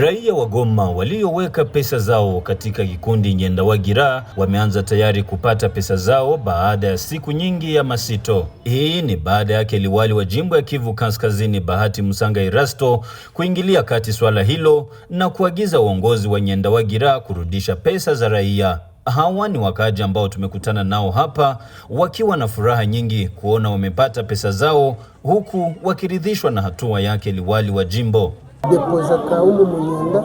Raia wa Goma walioweka pesa zao katika kikundi Nyendawagira wameanza tayari kupata pesa zao baada ya siku nyingi ya masito. Hii ni baada yake liwali wa jimbo ya Kivu Kaskazini Bahati Musanga Erasto kuingilia kati swala hilo na kuagiza uongozi wa Nyendawagira kurudisha pesa za raia. Hawa ni wakaaji ambao tumekutana nao hapa wakiwa na furaha nyingi kuona wamepata pesa zao, huku wakiridhishwa na hatua yake liwali wa jimbo depo kaumu Munyanda.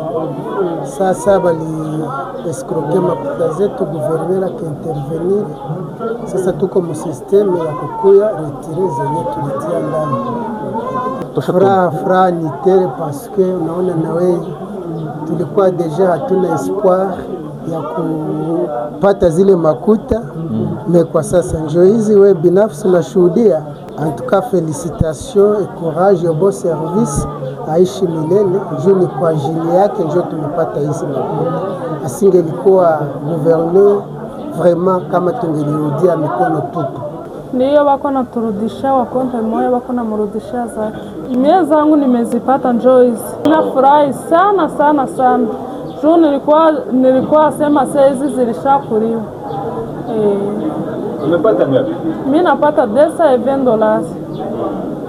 Sasa bali escroke makuta zetu, guvernera akaintervenir. Sasa tuko musisteme ya kukuya retire zenye tulitia ndani fra fra nitere, paske unaona nawe tulikuwa deja hatuna espoir ya kupata zile makuta me mm. Kwa sasa njo hizi we binafsi unashuhudia En tout cas felicitation et courage ya bon service, aishi milele juu ni kwa ajili yake ndio tumepata hizi makuta. Asingelikuwa gouverneur vraiment kama tungelirudia mikono tupu. Ndiyo wako naturudisha wakonde moyo wako namurudisha zake. Mie zangu nimezipata njoo hizi, nafurahi sana sana sana juu nilikuwa nilikuwa sema saa hizi zilishakuliwa eh. Umepata ngapi? Mimi napata desa ya dollars.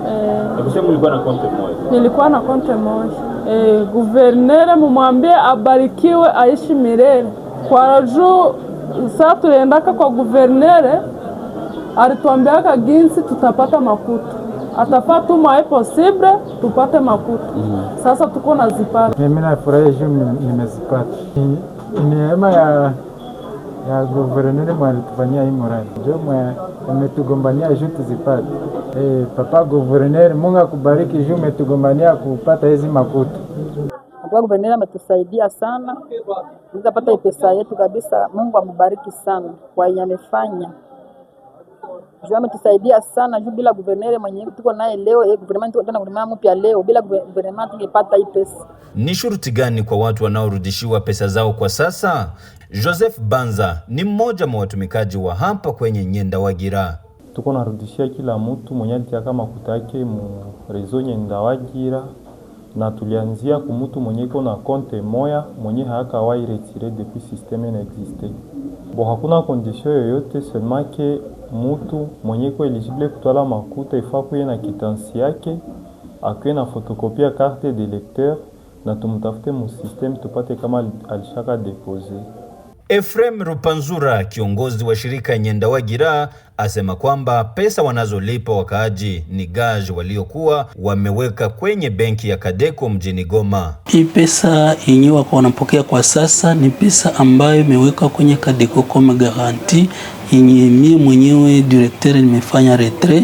Eh, ulikuwa na konte moja? Nilikuwa na konte moja. Eh, guvernere mumwambie abarikiwe aishi milele. Kwa juu saa tuliendaka kwa guvernere alituambiaka ginsi tutapata makuta atafaa tumae posible tupate makuta mm. Mm-hmm. Sasa tuko nazipata. Mimi nafurahi juu nimezipata, ni neema ya ya guverneri mwalitufanyia hii muradi jo mwe umetugombania juu tuzipate. E, eh, papa guverneri, Mungu akubariki juu umetugombania kupata hizi makuta. Papa guverneri ametusaidia sana, tunapata pesa yetu kabisa. Mungu amubariki sana kwa yamefanya juu ametusaidia sana, juu bila guvernere mwenye tuko naye leo eh, guvernema tuko tena guvernema mpya leo, bila guvernema tungepata hii pesa. Ni shuruti gani kwa watu wanaorudishiwa pesa zao kwa sasa? Joseph Banza ni mmoja mwa watumikaji wa hapa kwenye nyenda wagira Tuko narudishia kila mtu mwenye alitia kama kutake mu rezo Nyendawagira na tulianzia kumutu mwenye iko na konte moya mwenye haakawai retire depuis systeme inaexiste bo hakuna kondisio yoyote semake mutu mwenye ko eligible kutwala makuta ifa kuye na kitansi yake akuye na fotokopia karte de lecteur na tumtafute musysteme tupate kama alishaka depose Efrem Rupanzura, kiongozi wa shirika Nyendawagira, asema kwamba pesa wanazolipa wakaaji ni gaj waliokuwa wameweka kwenye benki ya Kadeko mjini Goma. Hii pesa yenye wako wanapokea kwa sasa ni pesa ambayo imewekwa kwenye Kadeko kama garanti yenye mie mwenyewe direkteur nimefanya retre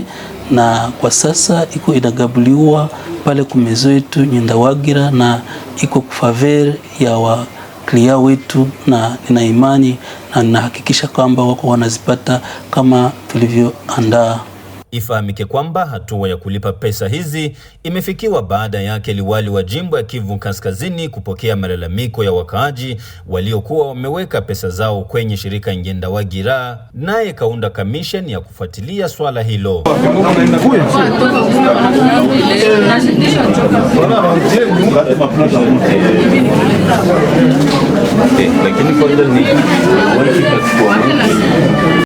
na kwa sasa iko inagabuliwa pale kumezo yetu Nyendawagira na iko kufaver ya wa clear wetu, na nina imani na ninahakikisha kwamba wako wanazipata kama tulivyoandaa. Ifahamike kwamba hatua ya kulipa pesa hizi imefikiwa baada yake liwali wa jimbo ya Kivu Kaskazini kupokea malalamiko ya wakaaji waliokuwa wameweka pesa zao kwenye shirika Gira, naye kaunda kamisheni ya kufuatilia swala hilo. Eh,